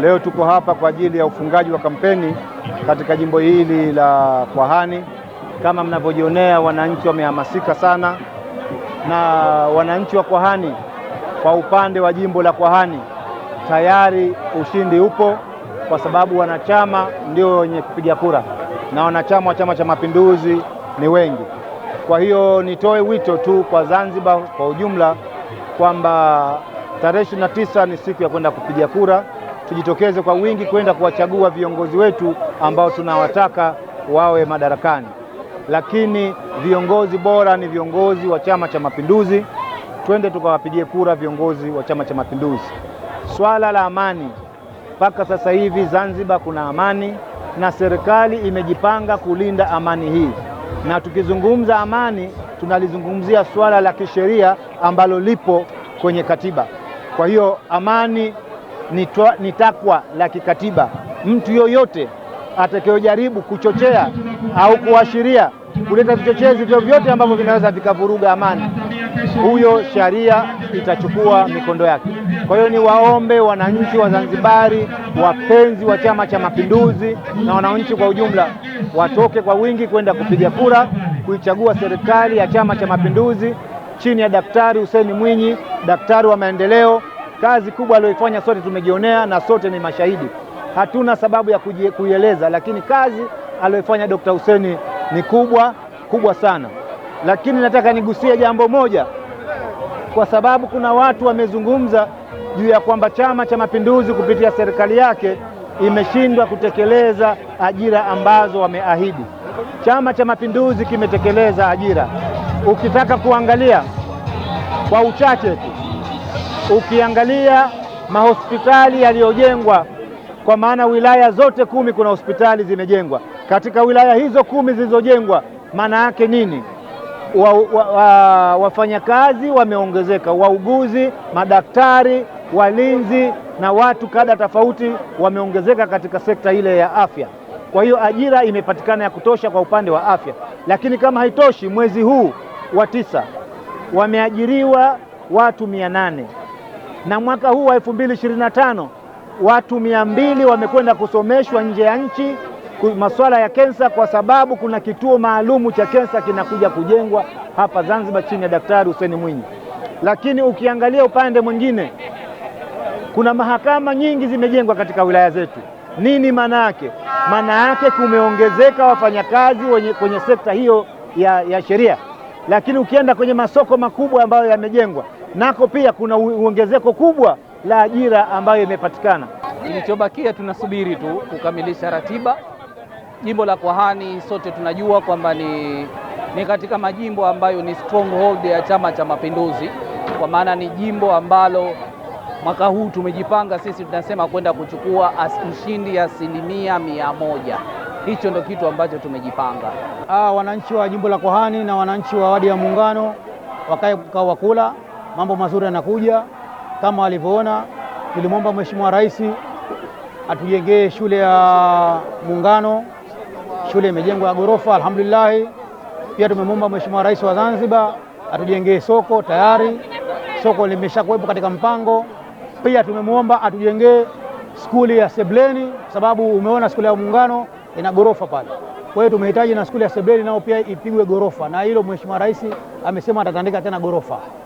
Leo tuko hapa kwa ajili ya ufungaji wa kampeni katika jimbo hili la Kwahani. Kama mnavyojionea, wananchi wamehamasika sana, na wananchi wa Kwahani kwa upande wa jimbo la Kwahani tayari ushindi upo, kwa sababu wanachama ndio wenye kupiga kura na wanachama wa Chama cha Mapinduzi ni wengi. Kwa hiyo nitoe wito tu kwa Zanzibar kwa ujumla kwamba tarehe 29 na tisa ni siku ya kwenda kupiga kura tujitokeze kwa wingi kwenda kuwachagua viongozi wetu ambao tunawataka wawe madarakani. Lakini viongozi bora ni viongozi wa Chama cha Mapinduzi. Twende tukawapigie kura viongozi wa Chama cha Mapinduzi. Swala la amani, mpaka sasa hivi Zanzibar kuna amani na serikali imejipanga kulinda amani hii, na tukizungumza amani tunalizungumzia swala la kisheria ambalo lipo kwenye katiba. Kwa hiyo amani ni takwa la kikatiba. Mtu yoyote atakayojaribu kuchochea au kuashiria kuleta vichochezi vyovyote ambavyo vinaweza vikavuruga amani, huyo sharia itachukua mikondo yake. Kwa hiyo ni waombe wananchi wa Zanzibari, wapenzi wa Chama cha Mapinduzi na wananchi kwa ujumla, watoke kwa wingi kwenda kupiga kura kuichagua serikali ya Chama cha Mapinduzi chini ya Daktari Hussein Mwinyi, daktari wa maendeleo. Kazi kubwa aliyoifanya sote tumejionea na sote ni mashahidi, hatuna sababu ya kuieleza, lakini kazi aliyoifanya Dokta Huseni ni kubwa kubwa sana. Lakini nataka nigusie jambo moja, kwa sababu kuna watu wamezungumza juu ya kwamba Chama cha Mapinduzi kupitia serikali yake imeshindwa kutekeleza ajira ambazo wameahidi. Chama cha Mapinduzi kimetekeleza ajira, ukitaka kuangalia kwa uchache tu Ukiangalia mahospitali yaliyojengwa kwa maana wilaya zote kumi kuna hospitali zimejengwa. Katika wilaya hizo kumi zilizojengwa, maana yake nini? wa, wa, wa, wafanyakazi wameongezeka, wauguzi, madaktari, walinzi na watu kada tofauti wameongezeka katika sekta ile ya afya. Kwa hiyo ajira imepatikana ya kutosha kwa upande wa afya, lakini kama haitoshi, mwezi huu wa tisa wameajiriwa watu mia nane na mwaka huu wa 2025 watu mia mbili wamekwenda kusomeshwa nje ya nchi masuala ya kensa, kwa sababu kuna kituo maalumu cha kensa kinakuja kujengwa hapa Zanzibar chini ya Daktari Hussein Mwinyi. Lakini ukiangalia upande mwingine, kuna mahakama nyingi zimejengwa katika wilaya zetu. Nini maana yake? Maana yake kumeongezeka wafanyakazi kwenye sekta hiyo ya, ya sheria. Lakini ukienda kwenye masoko makubwa ambayo yamejengwa nako pia kuna uongezeko kubwa la ajira ambayo imepatikana. Kilichobakia tunasubiri tu kukamilisha ratiba. Jimbo la Kwahani sote tunajua kwamba ni, ni katika majimbo ambayo ni stronghold ya Chama cha Mapinduzi, kwa maana ni jimbo ambalo mwaka huu tumejipanga sisi tunasema kwenda kuchukua as ushindi asilimia mia moja. Hicho ndo kitu ambacho tumejipanga. Ah, wananchi wa jimbo la Kwahani na wananchi wa wadi ya Muungano wakae kwa wakula mambo mazuri yanakuja kama alivyoona, tulimwomba Mheshimiwa Rais atujengee shule ya Muungano. Shule imejengwa ya ghorofa, alhamdulillah. Pia tumemwomba Mheshimiwa Rais wa Zanzibar atujengee soko, tayari soko limeshakuwepo katika mpango. Pia tumemwomba atujengee skuli ya Sebleni sababu umeona skuli ya Muungano ina ghorofa pale. Kwa hiyo tumehitaji na skuli ya Sebleni nao pia ipigwe ghorofa, na hilo Mheshimiwa Rais amesema atatandika tena ghorofa.